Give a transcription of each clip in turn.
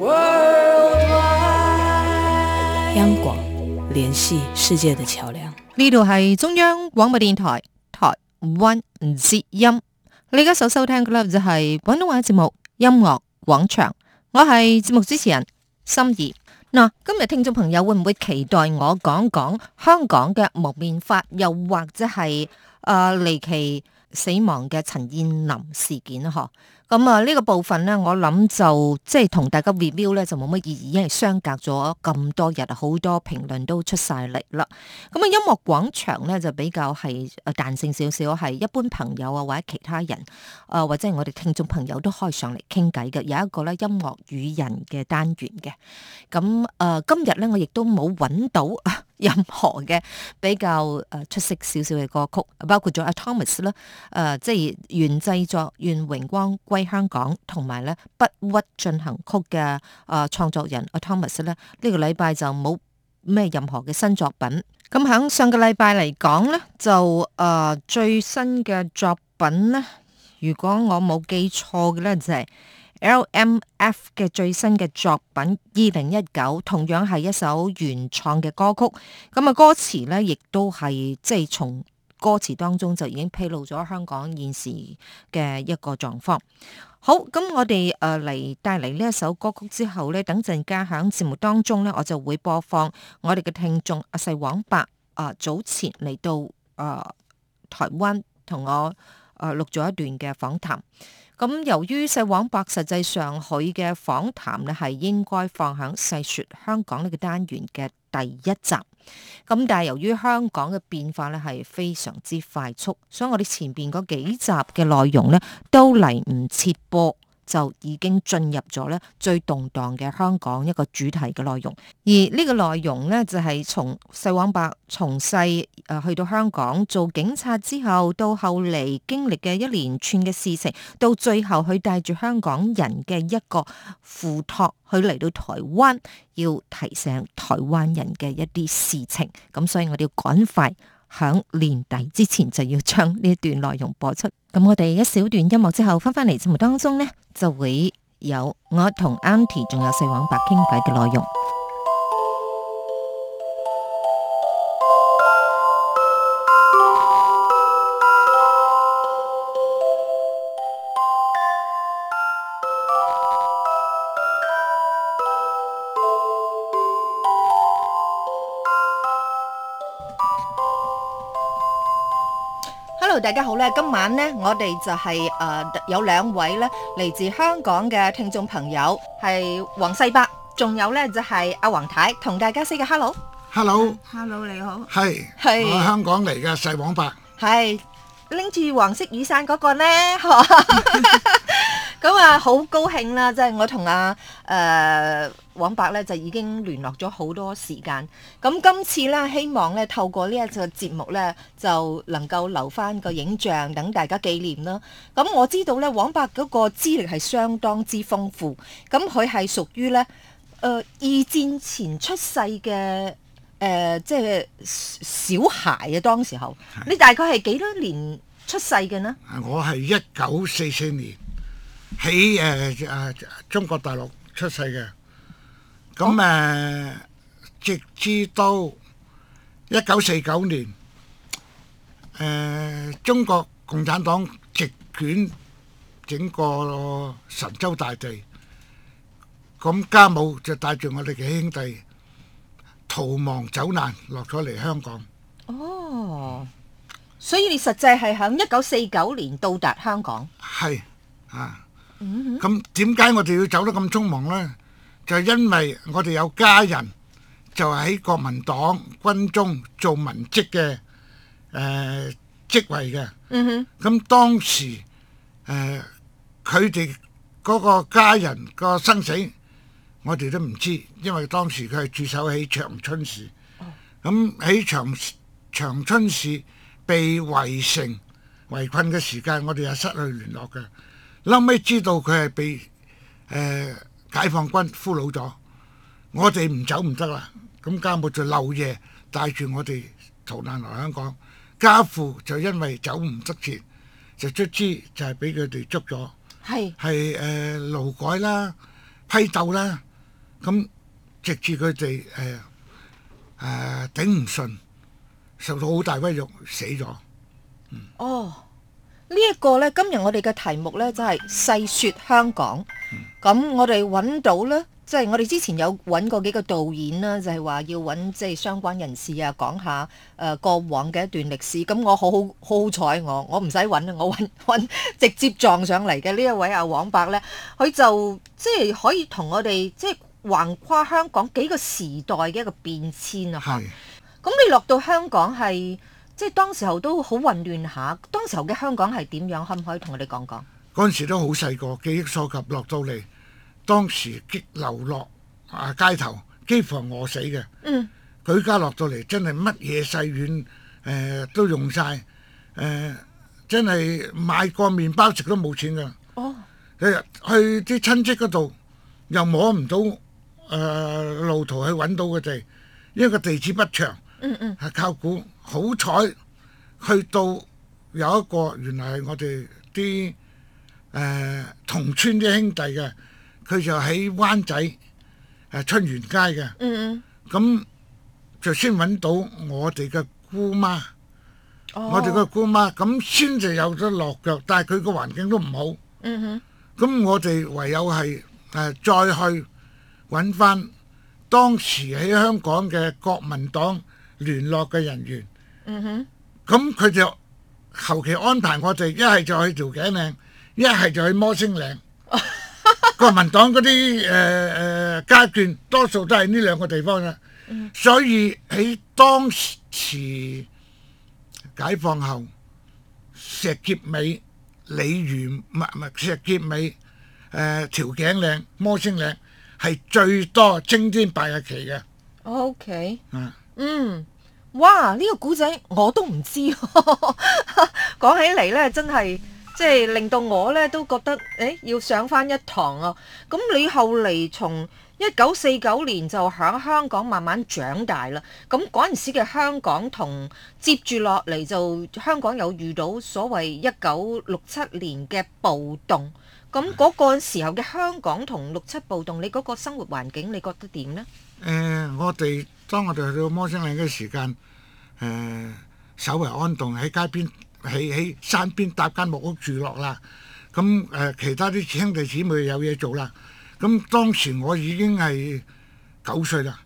World 央廣聯繫世界的橋梁呢度係中央廣播電台台灣節音，你而家所收聽嘅 Love 就係廣東話節目音樂廣場，我係節目主持人心儀。嗱、啊，今日聽眾朋友會唔會期待我講講香港嘅蒙面法，又或者係誒、呃、離奇死亡嘅陳彥霖事件嗬？咁啊，呢、嗯，這個部分咧，我諗就即係同大家 review 咧，就冇乜意義，因為相隔咗咁多日，好多評論都出晒嚟啦。咁、嗯、啊，音樂廣場咧就比較係誒彈性少少，係一般朋友啊或者其他人，啊、呃、或者係我哋聽眾朋友都可以上嚟傾偈嘅。有一個咧音樂與人嘅單元嘅。咁、嗯、誒、呃、今日咧我亦都冇揾到啊任何嘅比較誒出色少少嘅歌曲，包括咗阿 Thomas 啦，誒、呃、即係原製作願榮光歸。香港同埋咧《不屈進行曲》嘅啊創作人 Thomas 咧，呢、這個禮拜就冇咩任何嘅新作品。咁喺上個禮拜嚟講咧，就誒、呃、最新嘅作品咧，如果我冇記錯嘅咧，就係、是、LMF 嘅最新嘅作品二零一九，2019，同樣係一首原創嘅歌曲。咁、那、啊、個、歌詞咧，亦都係即係從。歌詞當中就已經披露咗香港現時嘅一個狀況。好，咁我哋誒嚟帶嚟呢一首歌曲之後呢，等陣間喺節目當中呢，我就會播放我哋嘅聽眾阿細黃伯誒早前嚟到誒台灣同我誒錄咗一段嘅訪談。咁由於細黃伯實際上佢嘅訪談呢，係應該放喺細説香港呢個單元嘅第一集。咁但係由於香港嘅變化咧係非常之快速，所以我哋前邊嗰幾集嘅內容咧都嚟唔切播。就已經進入咗咧最動盪嘅香港一個主題嘅內容，而呢個內容呢，就係、是、從細黃伯，從細誒、呃、去到香港做警察之後，到後嚟經歷嘅一連串嘅事情，到最後佢帶住香港人嘅一個付託，去嚟到台灣，要提醒台灣人嘅一啲事情。咁所以我哋要趕快響年底之前就要將呢一段內容播出。咁我哋一小段音樂之後，翻返嚟節目當中呢，就會有我同 Auntie 仲有黃細伯傾偈嘅內容。大家好咧，今晚咧我哋就係、是、誒、呃、有兩位咧嚟自香港嘅聽眾朋友，係黃細伯，仲有咧就係阿黃太，同大家 say 個 hello，hello，hello、啊、Hello，你好，係是，係是香港嚟嘅細黃伯，係拎住黃色雨傘嗰個咧， 咁啊，好高興啦！即係我同阿誒黃伯咧，就已經聯絡咗好多時間。咁今次呢，希望呢透過呢一個節目呢，就能夠留翻個影像，等大家紀念啦。咁我知道呢，黃伯嗰個資歷係相當之豐富。咁佢係屬於呢，誒、呃、二戰前出世嘅誒，即係小孩啊！當時候，你大概係幾多年出世嘅呢？我係一九四四年。喺誒啊！中國大陸出世嘅，咁誒，直至到一九四九年，誒中國共產黨直捲整個神州大地，咁家母就帶住我哋幾兄弟逃亡走難，落咗嚟香港。哦，所以你實際係喺一九四九年到達香港？係啊。咁點解我哋要走得咁匆忙呢？就因為我哋有家人就喺國民黨軍中做文職嘅誒、呃、職位嘅。嗯哼。咁當時佢哋嗰個家人個生死，我哋都唔知，因為當時佢係駐守喺長春市。哦。咁喺長長春市被圍城圍困嘅時間，我哋又失去聯絡嘅。後尾知道佢係被誒解放軍俘虜咗，我哋唔走唔得啦，咁家母就漏夜帶住我哋逃難嚟香港，家父就因為走唔得切，就卒之就係俾佢哋捉咗，係係誒勞改啦、批鬥啦，咁直至佢哋誒誒頂唔順，受到好大威脅，死咗。哦。呢一個呢，今日我哋嘅題目呢，就係細說香港。咁我哋揾到呢，即係我哋之前有揾過幾個導演啦，就係話要揾即係相關人士啊，講下誒過往嘅一段歷史。咁我好好好彩，我我唔使揾啊，我揾直接撞上嚟嘅呢一位阿黃伯呢，佢就即係可以同我哋即係橫跨香港幾個時代嘅一個變遷啊。係。咁你落到香港係？即係當時候都好混亂下，當時候嘅香港係點樣？可唔可以同我哋講講？嗰陣時都好細個，記憶所及落到嚟，當時激流落啊街頭，幾乎係餓死嘅。嗯，舉家落到嚟，真係乜嘢細軟誒、呃、都用晒，誒、呃、真係買個麵包食都冇錢㗎。哦，你去啲親戚嗰度又摸唔到誒、呃、路途去揾到嘅地，因為個地址不詳。嗯嗯，係靠估好彩去到有一個，原來係我哋啲誒同村啲兄弟嘅，佢就喺灣仔誒春園街嘅。嗯嗯，咁就先揾到我哋嘅姑媽，我哋嘅姑媽咁先至有咗落腳，但係佢個環境都唔好。嗯哼，咁我哋唯有係誒再去揾翻當時喺香港嘅國民黨。聯絡嘅人員，咁佢、mm hmm. 就求其安排我哋，一係就去調景嶺，一係就去摩星嶺。 國民黨嗰啲誒誒家眷多數都係呢兩個地方嘅，mm hmm. 所以喺當時解放後，石硤尾、鯉魚唔唔石硤尾誒調景嶺、摩星嶺係最多青天白日旗嘅。O K 啊，嗯、hmm。哇！呢個古仔我都唔知，講起嚟呢，真係即係令到我呢都覺得誒要上翻一堂啊。咁你後嚟從一九四九年就喺香港慢慢長大啦。咁嗰陣時嘅香港同接住落嚟就香港有遇到所謂一九六七年嘅暴動。咁嗰個時候嘅香港同六七暴動，你嗰個生活環境，你覺得點呢？誒、呃，我哋。當我哋去到摩星嶺嘅時間，稍、呃、為安頓喺街邊，喺喺山邊搭間木屋住落啦。咁誒、呃，其他啲兄弟姊妹有嘢做啦。咁當時我已經係九歲啦，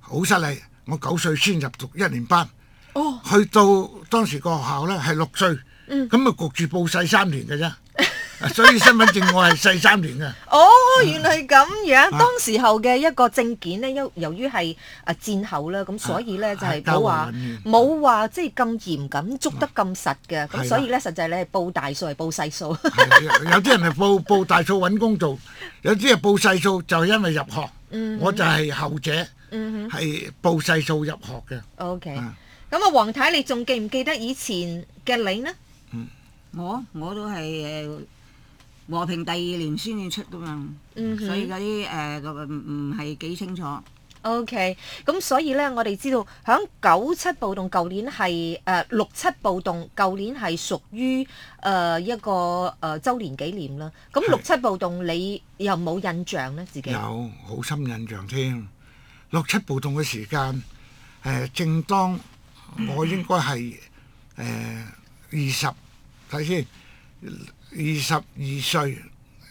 好失禮！我九歲先入讀一年班，oh。去到當時個學校呢係六歲，咁啊焗住報細三年嘅啫。 所以身份證我係細三年嘅。哦，原嚟咁樣，當時候嘅一個證件咧，由由於係啊戰後啦，咁所以咧就係冇話冇話即係咁嚴謹捉得咁實嘅，咁所以咧實際咧係報大數係報細數。有啲人係報報大數揾工做，有啲係報細數就因為入學，我就係後者，係報細數入學嘅。O K，咁啊，黃太你仲記唔記得以前嘅你咧？嗯，我我都係誒。和平第二年先至出噶嘛，mm hmm. 所以嗰啲誒唔唔係幾清楚。OK，咁所以呢，我哋知道響九七暴動，舊年係誒、呃、六七暴動，舊年係屬於誒、呃、一個誒周、呃、年紀念啦。咁六七暴動，是你有冇印象呢？自己有好深印象添。六七暴動嘅時間、呃、正當我應該係誒二十，睇、mm hmm. 呃、先。二十二歲，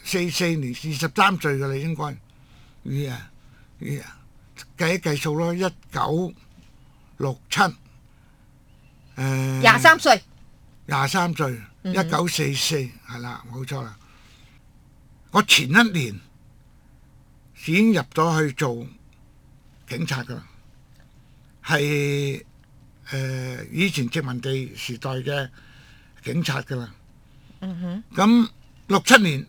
四四年二十三歲嘅啦，應該，啊、yeah, 二、yeah. 計一計數咯，一九六七，誒，廿三歲，廿三歲，一九四四，係、hmm. 啦，冇錯啦。我前一年已經入咗去做警察噶啦，係誒、呃、以前殖民地時代嘅警察噶啦。嗯哼，咁六七年誒、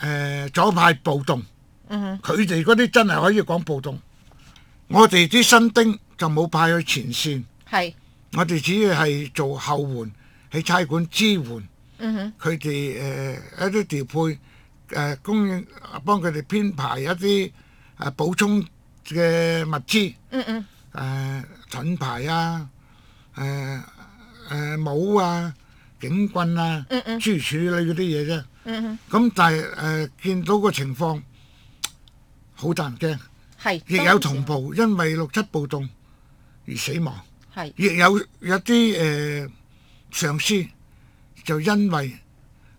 呃、左派暴動，嗯哼，佢哋嗰啲真係可以講暴動，嗯、我哋啲新丁就冇派去前線，係是，我哋主要係做後援喺差館支援，嗯哼，佢哋誒一啲調配誒供應，幫佢哋編排一啲誒、呃、補充嘅物資，嗯嗯，誒、呃、盾牌啊，誒、呃、誒、呃呃呃呃呃、帽啊。警棍啊，諸如處理嗰啲嘢啫。咁但係誒，見到個情況好得人驚，係亦有同袍，因為六七暴動而死亡，係亦有有啲誒上司就因為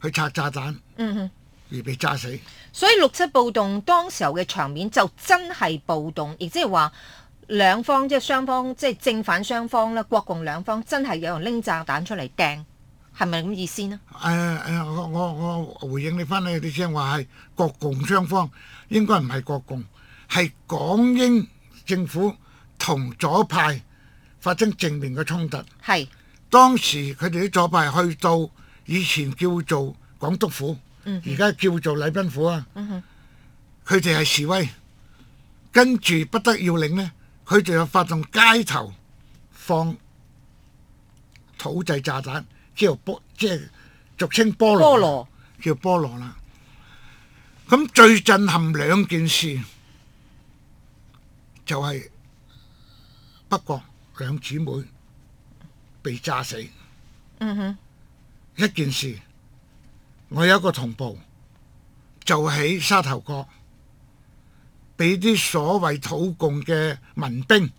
去拆炸彈，嗯哼，而被炸死。所以六七暴動當時候嘅場面就真係暴動，亦即係話兩方即係雙方即係正反雙方啦，國共兩方真係有人拎炸彈出嚟掟。係咪咁意思呢？誒誒、呃，我我我回應你翻你啲聲話係國共雙方應該唔係國共，係港英政府同左派發生正面嘅衝突。係是當時佢哋啲左派去到以前叫做港督府，而家、嗯、哼叫做禮賓府啊。佢哋係示威，跟住不得要領呢佢就發動街頭放土製炸彈。叫波即係俗稱菠蘿，叫菠蘿啦。咁最震撼兩件事就係北角兩姊妹被炸死。嗯哼，一件事，我有一個同袍就喺沙頭角俾啲所謂土共嘅民兵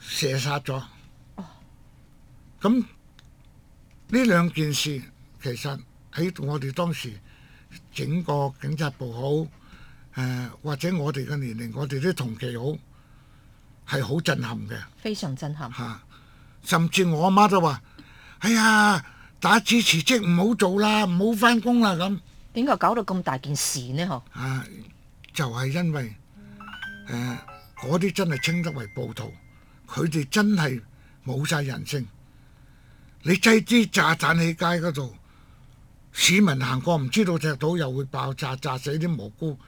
射殺咗。哦，咁。呢兩件事其實喺我哋當時整個警察部好，誒、呃、或者我哋嘅年齡，我哋啲同期好係好震撼嘅，非常震撼嚇、啊。甚至我阿媽都話，哎呀，打支辭職唔好做啦，唔好翻工啦咁。點解搞到咁大件事呢？嗬？啊，就係、是、因為誒嗰啲真係稱得為暴徒，佢哋真係冇晒人性。你擠支炸彈喺街嗰度，市民行過唔知道踢到又會爆炸，炸死啲無辜，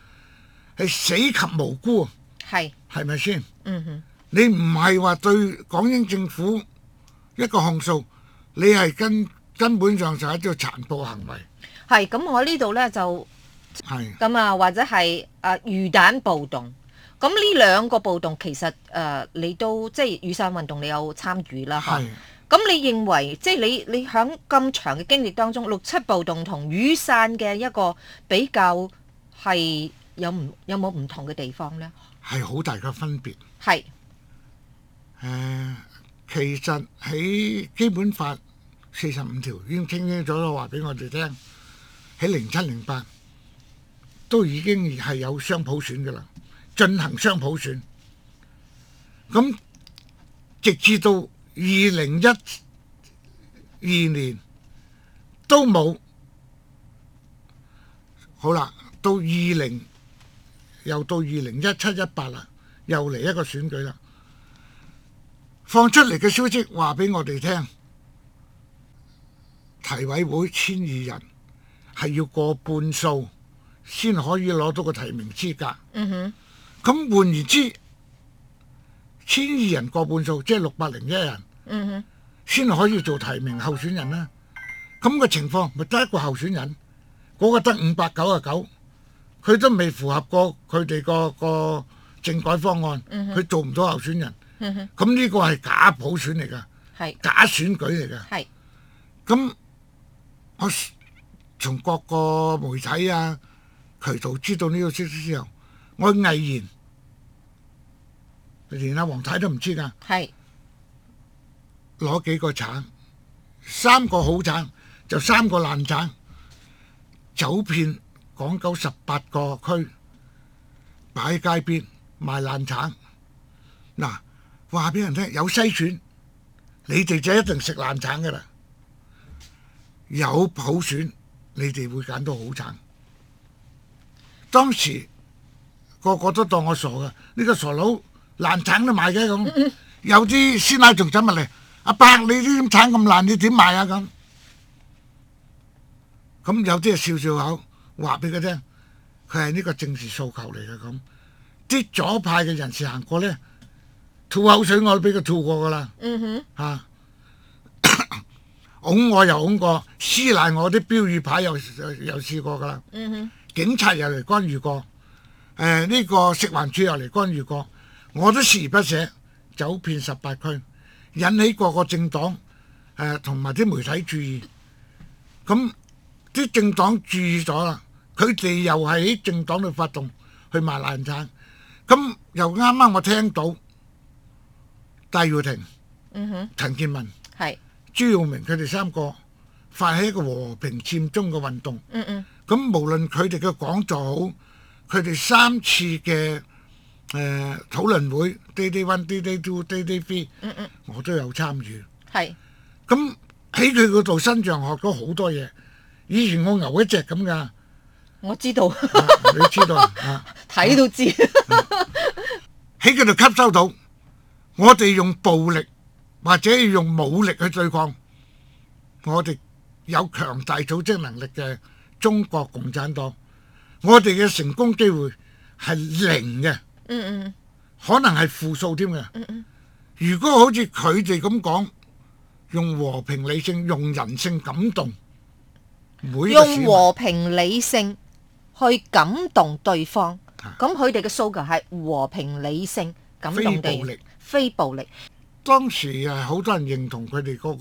係死及無辜，係咪先？係係嗯哼，你唔係話對港英政府一個控訴，你係根根本上就係一個殘暴行為。係咁，我呢度咧就係咁啊，係或者係啊魚蛋暴動。咁呢兩個暴動其實誒、呃、你都即係雨傘運動，你有參與啦嚇。咁你認為，即係你你喺咁長嘅經歷當中，六七暴動同雨傘嘅一個比較係有唔有冇唔同嘅地方呢？係好大嘅分別。係是。誒、呃，其實喺基本法四十五條已經清清楚楚，話俾我哋聽，喺零七零八都已經係有雙普選嘅啦，進行雙普選。咁直至到。二零一二年都冇好啦，到二零又到二零一七一八啦，又嚟一個選舉啦。放出嚟嘅消息話俾我哋聽，提委會千二人係要過半數先可以攞到個提名資格。嗯哼、mm，咁、hmm，換言之，千二人過半數即係六百零一人。嗯哼，先可以做提名候選人啦。咁嘅情況，咪得一個候選人，嗰個得五百九十九，佢都未符合過佢哋個個政改方案，佢做唔到候選人。咁呢個係假普選嚟㗎，係假選舉嚟㗎。係。咁我從各個媒體啊、渠道知道呢個消息之後，我毅然，連阿黃太都唔知㗎。係。攞幾個橙，三個好橙就三個爛橙，走遍港九十八個區，擺街邊賣爛橙。嗱，話俾人聽有篩選，你哋就一定食爛橙噶啦。有普選，你哋會揀到好橙。當時個個都當我傻噶，呢個傻佬爛橙都賣嘅咁，有啲師奶仲揀埋嚟。阿伯，你啲產咁爛，你點賣啊？咁咁有啲係笑笑口話俾佢聽，佢係呢個政治訴求嚟嘅咁。啲左派嘅人士行過咧，吐口水我都俾佢吐過噶啦。嗯哼、mm，嚇、hmm. 啊，拱 我又拱過，撕爛我啲標語牌又又又試過噶啦。嗯哼、mm，hmm. 警察又嚟干預過，誒、呃、呢、這個食環署又嚟干預過，我都鍥而不捨，走遍十八區。引起各個政黨誒同埋啲媒體注意，咁啲政黨注意咗啦，佢哋又係喺政黨度發動去賣爛產，咁又啱啱我聽到戴耀廷、嗯、哼陳建文、是朱耀明佢哋三個發起一個和平佔中嘅運動，咁、嗯嗯、無論佢哋嘅講座好，佢哋三次嘅誒、呃、討論會。D D one D D two D D three，嗯嗯，我都有參與，係是，咁喺佢嗰度身上學咗好多嘢。以前我牛一隻咁噶，我知道， 啊、你知道啊，睇都知，喺佢度吸收到。我哋用暴力或者用武力去對抗我哋有強大組織能力嘅中國共產黨，我哋嘅成功機會係零嘅。嗯嗯。可能係負數添嘅。如果好似佢哋咁講，用和平理性、用人性感動，用和平理性去感動對方，咁佢哋嘅訴求係和平理性、感動暴力、非暴力。暴力當時誒好多人認同佢哋嗰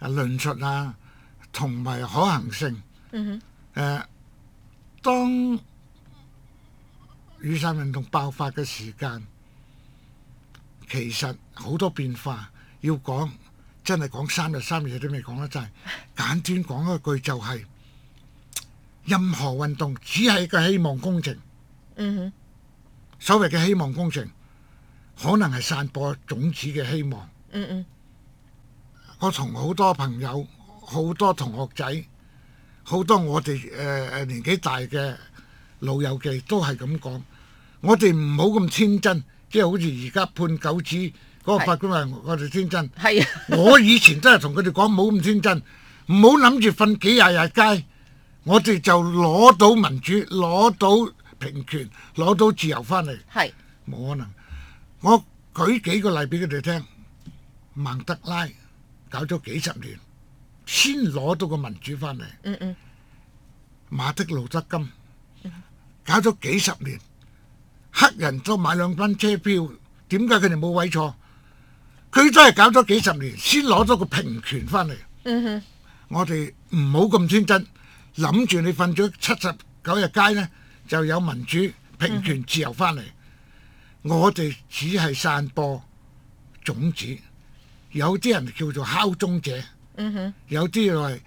個論述啊，同埋可行性。誒、呃，當雨傘運動爆發嘅時間，其實好多變化要講，真係講三日三夜都未講得晒。簡短講一句就係、是，任何運動只係一個希望工程。嗯、mm hmm. 所謂嘅希望工程，可能係散播種子嘅希望。嗯嗯、mm，hmm. 我同好多朋友、好多同學仔、好多我哋誒誒年紀大嘅老友記都係咁講，我哋唔好咁天真，即係好似而家判九子嗰個法官話：我哋天真。係啊！我以前真係同佢哋講，唔好咁天真，唔好諗住瞓幾廿日街，我哋就攞到民主、攞到平權、攞到自由翻嚟。係冇可能。我舉幾個例俾佢哋聽。曼德拉搞咗幾十年，先攞到個民主翻嚟。嗯嗯。馬丁路德金，搞咗幾十年，黑人都買兩班車票，點解佢哋冇位坐？佢都係搞咗幾十年，先攞咗個平權翻嚟。嗯、哼我哋唔好咁天真，諗住你瞓咗七十九日街呢，就有民主、平權、自由翻嚟。嗯、我哋只係散播種子，有啲人叫做敲鐘者，有啲又係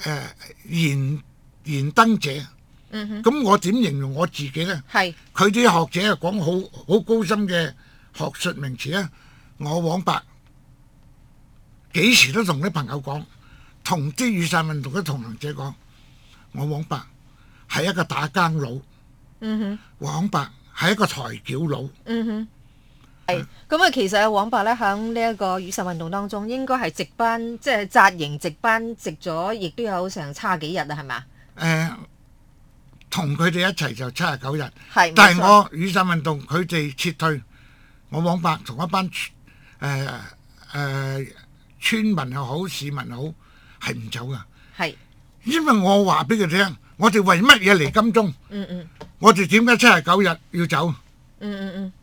誒燃燃燈者。嗯哼咁、嗯、我點形容我自己呢？係佢啲學者啊，講好好高深嘅學術名詞呢。我黃伯幾時都同啲朋友講，同啲雨傘運動嘅同行者講，我黃伯係一個打更佬。嗯哼，黃伯係一個抬轎佬。嗯哼，係咁啊！是其實啊，黃伯呢，喺呢一個雨傘運動當中，應該係值班，即、就、係、是、紮營值班，班，值咗亦都有成差幾日啊？係咪？誒、呃。同佢哋一齊就七十九日，但係我雨傘運動佢哋撤退，我往白同一班誒誒村民又好市民又好係唔走噶，因為我話俾佢聽，我哋為乜嘢嚟金鐘？我哋點解七十九日要走？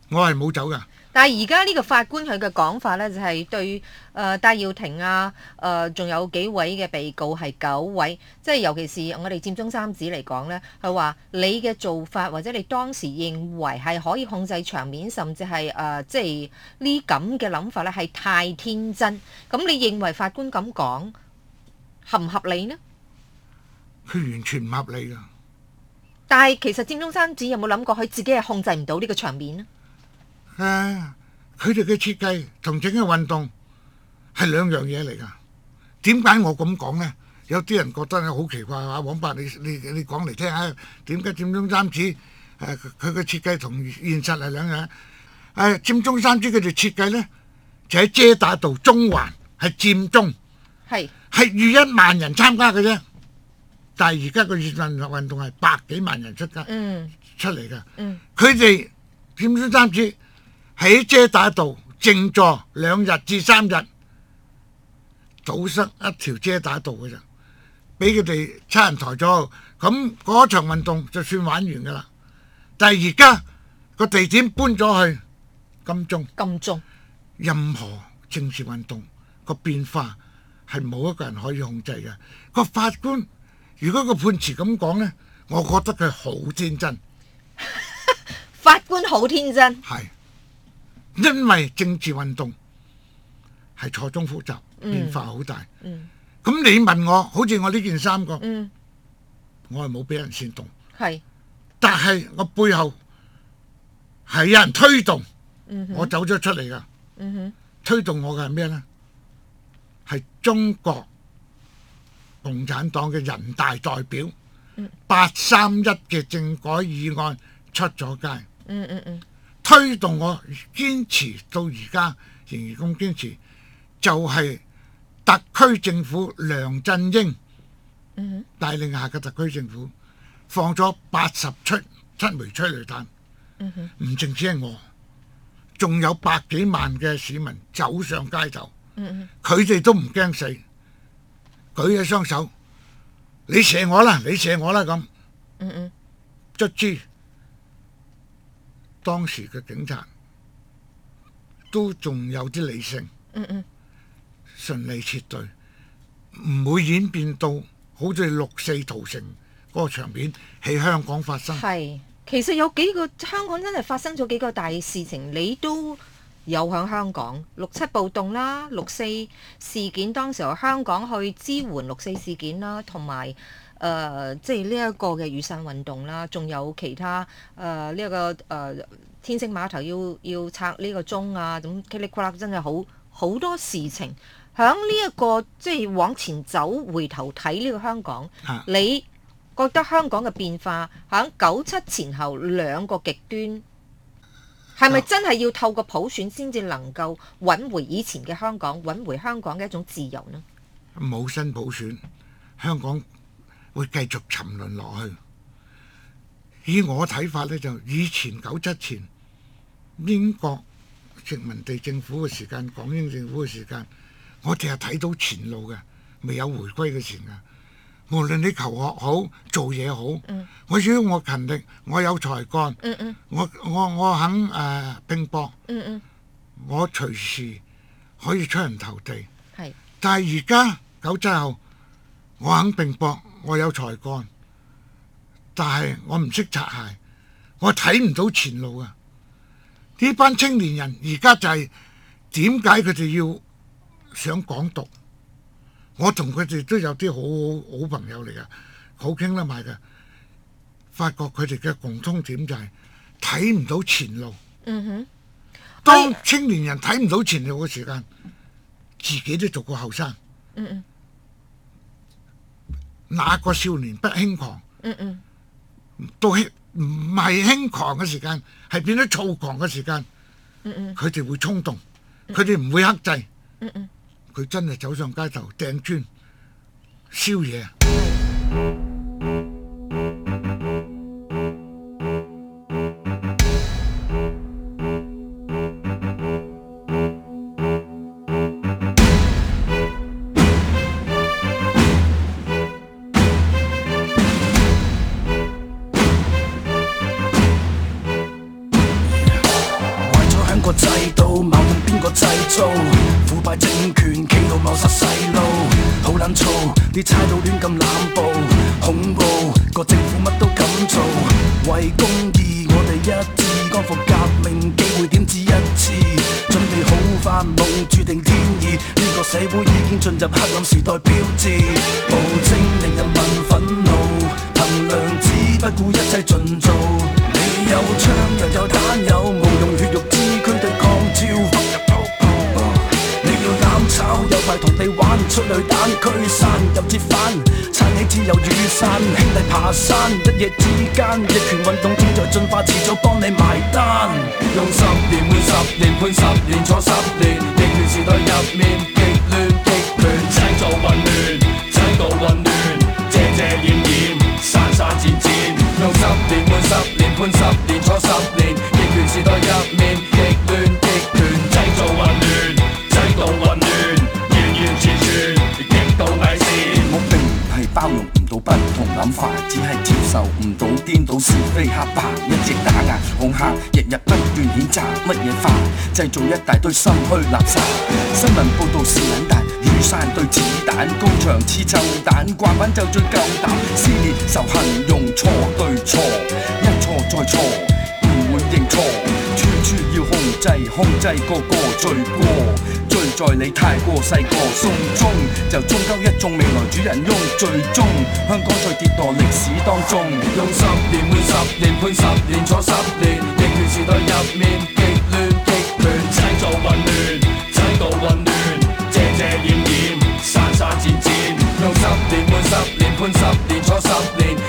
我係冇走噶。但係而家呢個法官佢嘅講法呢，就係對誒戴耀廷啊，誒、呃、仲有幾位嘅被告係九位，即、就、係、是、尤其是我哋佔中三子嚟講呢，佢話你嘅做法或者你當時認為係可以控制場面，甚至係誒即係呢咁嘅諗法呢，係太天真。咁你認為法官咁講合唔合理呢？佢完全唔合理啊。但係其實佔中三子有冇諗過佢自己係控制唔到呢個場面呢？誒，佢哋嘅設計同整個運動係兩樣嘢嚟㗎。點解我咁講咧？有啲人覺得係好奇怪啊！黃伯，你你你講嚟聽下，點解佔中三子誒佢嘅設計同現實係兩樣？誒，佔中三子佢哋設計咧就喺遮打道中環係佔中，係係預一萬人參加嘅啫。但係而家個運運動係百幾萬人出街出嚟㗎。佢哋佔中三子，喺遮打道靜坐兩日至三日，堵塞一條遮打道嘅啫，俾佢哋差人抬咗，咁嗰場運動就算玩完噶啦。但係而家個地點搬咗去金鐘，金鐘中任何政治運動，個變化係冇一個人可以控制嘅。個法官如果個判詞咁講呢，我覺得佢好天真， 法官好天真，係。因為政治運動係錯綜複雜，變化好大。咁、嗯嗯、你問我，好似我呢件衫個，嗯、我係冇俾人煽動，是但係我背後係有人推動，我走咗出嚟噶。嗯嗯、推動我嘅係咩呢？係中國共產黨嘅人大代表，八三一嘅政改議案出咗街。嗯嗯嗯嗯推動我堅持到而家，仍然咁堅持，就係、是、特區政府梁振英帶、嗯、哼領下嘅特區政府放咗八十出七枚催淚彈，唔淨、嗯、哼止係我，仲有百幾萬嘅市民走上街頭，佢哋、嗯、哼都唔驚死，舉起雙手，你射我啦，你射我啦咁，卒之。嗯哼當時嘅警察都仲有啲理性，嗯嗯順利撤退，唔會演變到好似六四屠城嗰個場面喺香港發生。係，其實有幾個香港真係發生咗幾個大事情，你都有喺香港六七暴動啦，六四事件當時由香港去支援六四事件啦，同埋，誒，即係呢一個嘅雨傘運動啦，仲有其他誒呢一個、呃、天星碼頭要要拆呢個鐘啊，咁揦嚦咕嚕，K K 真係好好多事情。響呢一個即係、就是、往前走，回頭睇呢個香港，啊、你覺得香港嘅變化響九七前後兩個極端，係咪真係要透過普選先至能夠揾回以前嘅香港，揾回香港嘅一種自由呢？冇新普選，香港，會繼續沉淪落去。以我睇法呢，就以前九七前英國殖民地政府嘅時間、港英政府嘅時間，我哋係睇到前路嘅，未有回歸嘅前噶。無論你求學好、做嘢好，嗯、我只要我勤力、我有才幹、嗯嗯、我我我肯誒拼搏，uh, 嗯嗯我隨時可以出人頭地。是但係而家九七後，我肯拼搏。我有才幹，但係我唔識擦鞋，我睇唔到前路啊！呢班青年人而家就係點解佢哋要想港獨？我同佢哋都有啲好好朋友嚟噶，好傾得埋嘅。發覺佢哋嘅共通點就係睇唔到前路。嗯哼，當青年人睇唔到前路嘅時間，自己都做過後生。嗯嗯。哪個少年不輕狂？嗯嗯，到興唔係輕狂嘅時間，係變咗躁狂嘅時間。嗯嗯，佢哋會衝動，佢哋唔會克制。佢、嗯嗯、真係走上街頭掟磚燒嘢。 社會已經進入黑暗時代，標誌暴政令人民憤怒，憑良知不顧一切盡做。你有槍，又有彈，有無用血肉之軀對抗招伏入泡吧。你要攬炒，有牌同你玩，出雷彈，驅散又折返，撐起自由雨傘兄弟爬山，一夜之間，逆權運動正在進化，遲早幫你埋單。用十年換十年判十年坐十年，逆權時代入面。制度混亂，制度混亂，遮遮掩掩，散散漸漸，用十年換十年判十年坐十年，極權時代入面，極亂極權製造混亂，制度混亂，完完全全，極度偽善。我並唔係包容。不同諗法，只係接受唔到顛倒是非黑白，一直打壓恐嚇，日日不斷譴責，乜嘢法，製造一大堆心虛垃圾。新聞報導是冷淡，雨傘對子彈，高牆黐針蛋，掛板就最夠膽撕裂仇恨用，用錯對錯，一錯再錯，唔會認錯，處處要控制，控制個個罪過。醉在你太過細個，送中就中交一眾未來主人翁，最終香港在跌墮歷史當中，用十年換十年判十年坐十年，逆元時代入面極亂極亂，製造混亂製造混亂，遮遮掩掩散散戰戰，用十年換十年判十年坐十年。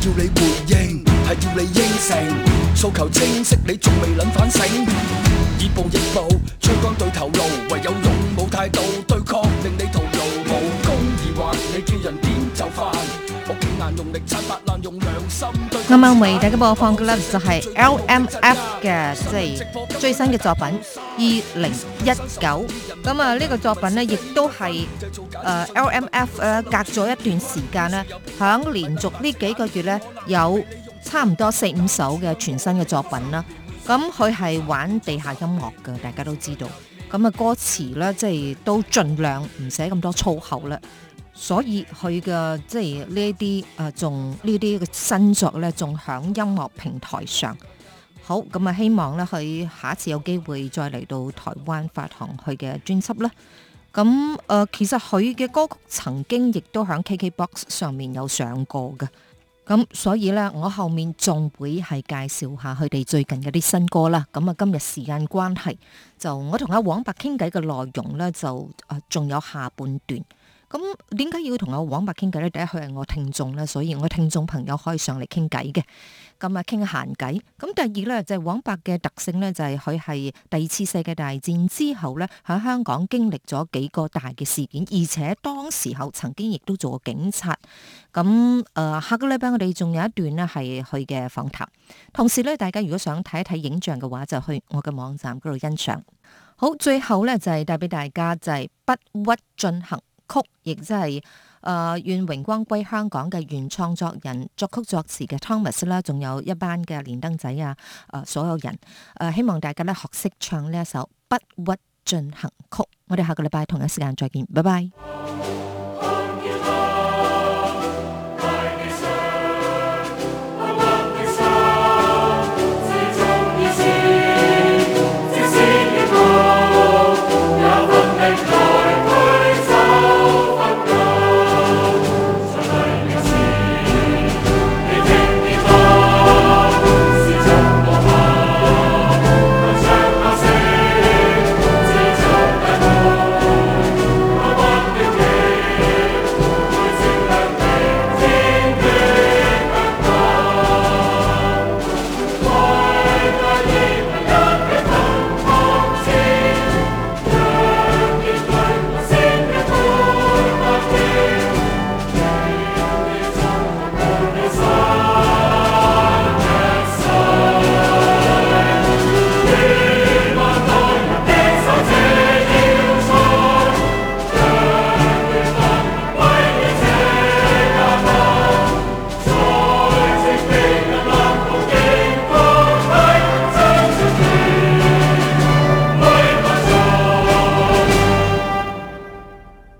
要你回應，係要你應承，訴求清晰，你仲未諗反省？以暴易暴，槍桿對頭路，唯有勇武態度，對抗令你徒勞無功而還，你見人點就範？啱啱為大家播放嘅呢就係 LMF 嘅即係最新嘅作品二零一九，咁啊呢個作品呢亦都係誒 LMF 呢隔咗一段時間呢，響連續呢幾個月呢有差唔多四五首嘅全新嘅作品啦。咁佢係玩地下音樂㗎，大家都知道。咁啊，歌詞呢，即係都盡量唔寫咁多粗口啦。所以佢嘅即係呢啲啊，仲呢啲嘅新作呢，仲響音樂平台上。好，咁、嗯、啊，希望呢，佢下一次有機會再嚟到台灣發行佢嘅專輯啦。咁、嗯、誒、呃，其實佢嘅歌曲曾經亦都響 KKBOX 上面有上過嘅。咁、嗯、所以呢，我後面仲會係介紹下佢哋最近嘅啲新歌啦。咁、嗯、啊，今日時間關係，就我同阿黃伯傾偈嘅內容呢，就仲、呃、有下半段。咁點解要同阿黃伯傾偈呢？第一佢係我聽眾呢，所以我聽眾朋友可以上嚟傾偈嘅。咁啊，傾下閒偈。咁第二咧就係、是、黃伯嘅特性咧，就係佢係第二次世界大戰之後咧，喺香港經歷咗幾個大嘅事件，而且當時候曾經亦都做過警察。咁誒、呃，下個禮拜我哋仲有一段呢係佢嘅訪談。同時咧，大家如果想睇一睇影像嘅話，就去我嘅網站嗰度欣賞。好，最後咧就係、是、帶俾大家就係、是、不屈進行曲，亦即係。誒、呃、願榮光歸香港嘅原創作人作曲作詞嘅 Thomas 啦，仲有一班嘅連登仔啊！誒、呃、所有人誒、呃，希望大家呢學識唱呢一首《不屈進行曲》。我哋下個禮拜同一時間再見，拜拜。